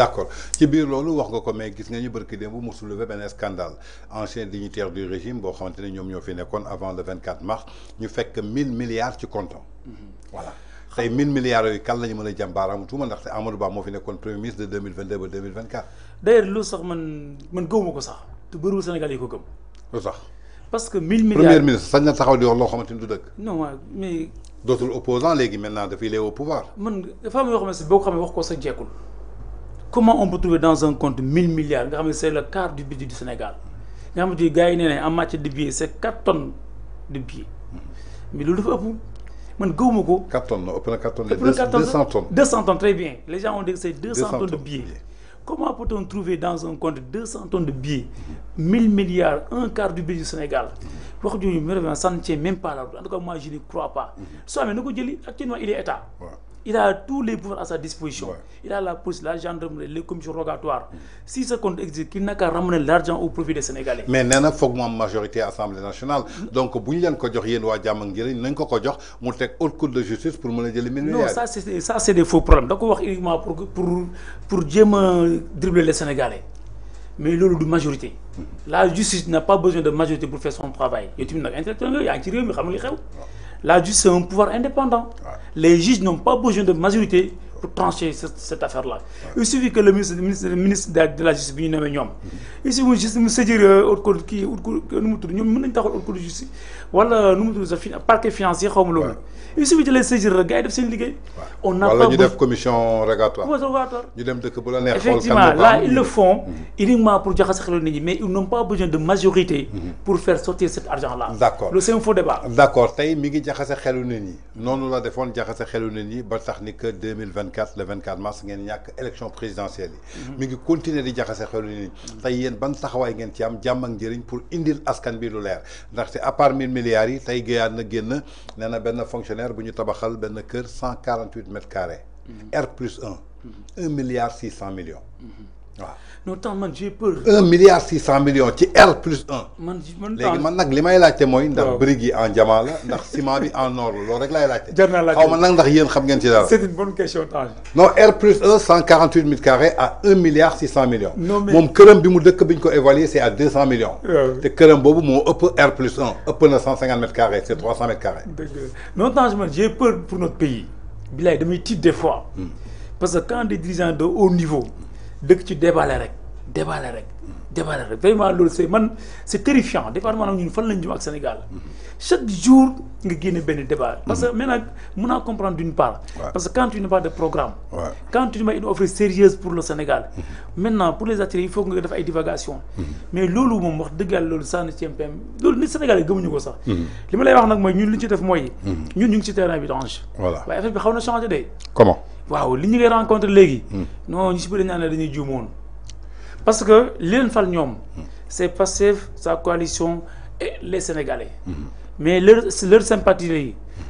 D'accord. Si ci avez l'olou wax nga ko mais gis nga ñu bërki soulevé un scandale ancien dignitaire du régime boo xamante avant le 24 mars ñu que 1000 milliards de comptes. voilà tey 1000 milliards de comptes, la ñu mën a jàmbaaraamu tuuma ndaxte Amadou Ba moo fi premier ministre de 2022 ba 2024. D'ailleurs, ailleurs loolu sax man man gëwuma ko sax te bëriwul Sénégal ko gëm. parce que 1000 milliards premier ministre sañ na taxaw di wax loo xamante du non mais. mais. opposants, opposants, léegi maintenant dafay au pouvoir. man ne sais pas si vous avez xamee wax ko comment on peut trouver dans un compte 1000 milliards nga c'est le quart du budget du Sénégal nga xamante ni gars yi en matière de billets c'est 4 tonnes de billets mais loolu dafa ëpp man gëwuma ko. 4 tonnes la 4 tonnes. 200 tonnes 200 tonnes très bien les gens ont dit que c'est 200 tonnes de billets. Comment peut-on trouver dans un compte 200 tonnes de billets, 1000 milliards, un quart du budget du Sénégal Ça ne tient même pas là. En tout cas, moi, je n'y crois pas. Mm-hmm. Soit, mais nous, actuellement, il est État. Il a tous les pouvoirs à sa disposition. Il a la police, la gendarmerie, les commissions rogatoires. Si ce compte existe, qu'il n'a qu'à ramener l'argent au profit des Sénégalais. Mais il faut de majorité à l'Assemblée nationale. Donc, si vous avez un Djamangiri, vous avez un haute cour de justice pour me le Non, ça, c'est des faux problèmes. Donc, on va uniquement pour, pour, pour dribbler les Sénégalais. mais il a une majorité mm-hmm. la justice n'a pas besoin de majorité pour faire son travail il y a intellectuel il y y ci réew xam li xew la justice, c'est un pouvoir indépendant. Les juges n'ont pas besoin de majorité pour trancher cette, cette affaire-là. Il suffit que le ministre, le ministre, ministre de, la Justice, nous nomme Il suffit juste de se dire, nous au dans de justice, voilà, nous sommes dans le parquet financier, il suffit de les saisir, le gars, de fait ligue. On n'a pas. Nous commission rogatoire. Effectivement, là, ils le font mhm. uniquement pour dire mais ils n'ont pas besoin de majorité mhm. pour faire sortir cet argent-là. D'accord. C'est un faux débat. D'accord. Taï, Migi Diakhasakhalounini. Non, nous l'avons défendu Diakhasakhalounini, Batarnik 2020 le 24 mars ngeen ñak élection présidentielle mi ngi continuer di jaxassé xelu ni tay tey ban taxaway ngeen ci am jàmm ak pour indil askan bi lu leer ndaxte à part milliards yi y a na génn néna ben fonctionnaire bu ñu tabaxal ben kër 148 mètres carrés R plus 1 1 milliard 600 millions 1 milliard 600 millions, qui L plus 1. Maintenant, ce que j'ai dit, c'est une brigue en diamant, un ciment en or. C'est une bonne question. Non, R plus 1, 148 m 2 à 1 milliard 600 millions. Mon cœur, si je veux évaluer, c'est à 200 millions. Le cœur, mon R plus 1, c'est 150 m 2 c'est 300 mètres carrés. Non, tant j'ai peur pour notre pays. Il y a des fois. Hmm. Parce que quand des dirigeants de haut niveau, dëkk ci déballe rek déballe rek déballe rek vraiment loolu c'est man c'est terrifiant département nag ñun fan lañ jëm ak Sénégal chaque jour nga génne benn débat parce que maintenant mun naa comprendre d'une part parce que quand tu n'as pas de programme quand tu n'as une offre sérieuse pour le Sénégal maintenant pour les attirer il faut nga def ay divagation mais loolu moom wax dëggal loolu sann cimpm loolu ni Sénégalais gëmuñu ko sax mhm. li ma lay wax nag mooy ñun li ñu ci def mooy mhm. ñun ñu ngi ci terrain bi d'ange voilà waaye affaire bi xaw na changé de comment waaw li ñu ngi rencontre léegi. Hmm. non ñu si bëri ñaan dañuy juumoon parce que li leen fal ñoom. Hmm. c'est passer sa coalition et les Sénégalais. Hmm. mais leur leur sympathie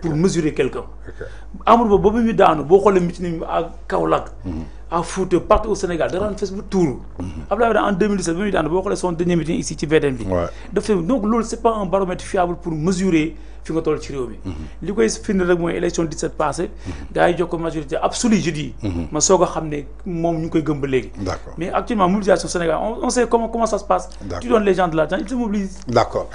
pour mesurer quelqu'un Amour Ba boobu ñu daanu boo xoolee mitin nañu à Kaolack à Fouta partout au Sénégal dans Facebook, bu tuuru Abdoulaye en 2017 ba muy daanu boo son dernier meeting ici ci VDN bi donc ce c'est pas un baromètre fiable pour mesurer fi nga toll ci réew mi li koy firnde rek mooy élection 17 passé gars yi jox majorité absolue je dis ma soog a xam ne moom ñu koy mais actuellement mobilisation Sénégal on sait comment ça se passe tu donnes les gens de l'argent ils se mobilisent d'accord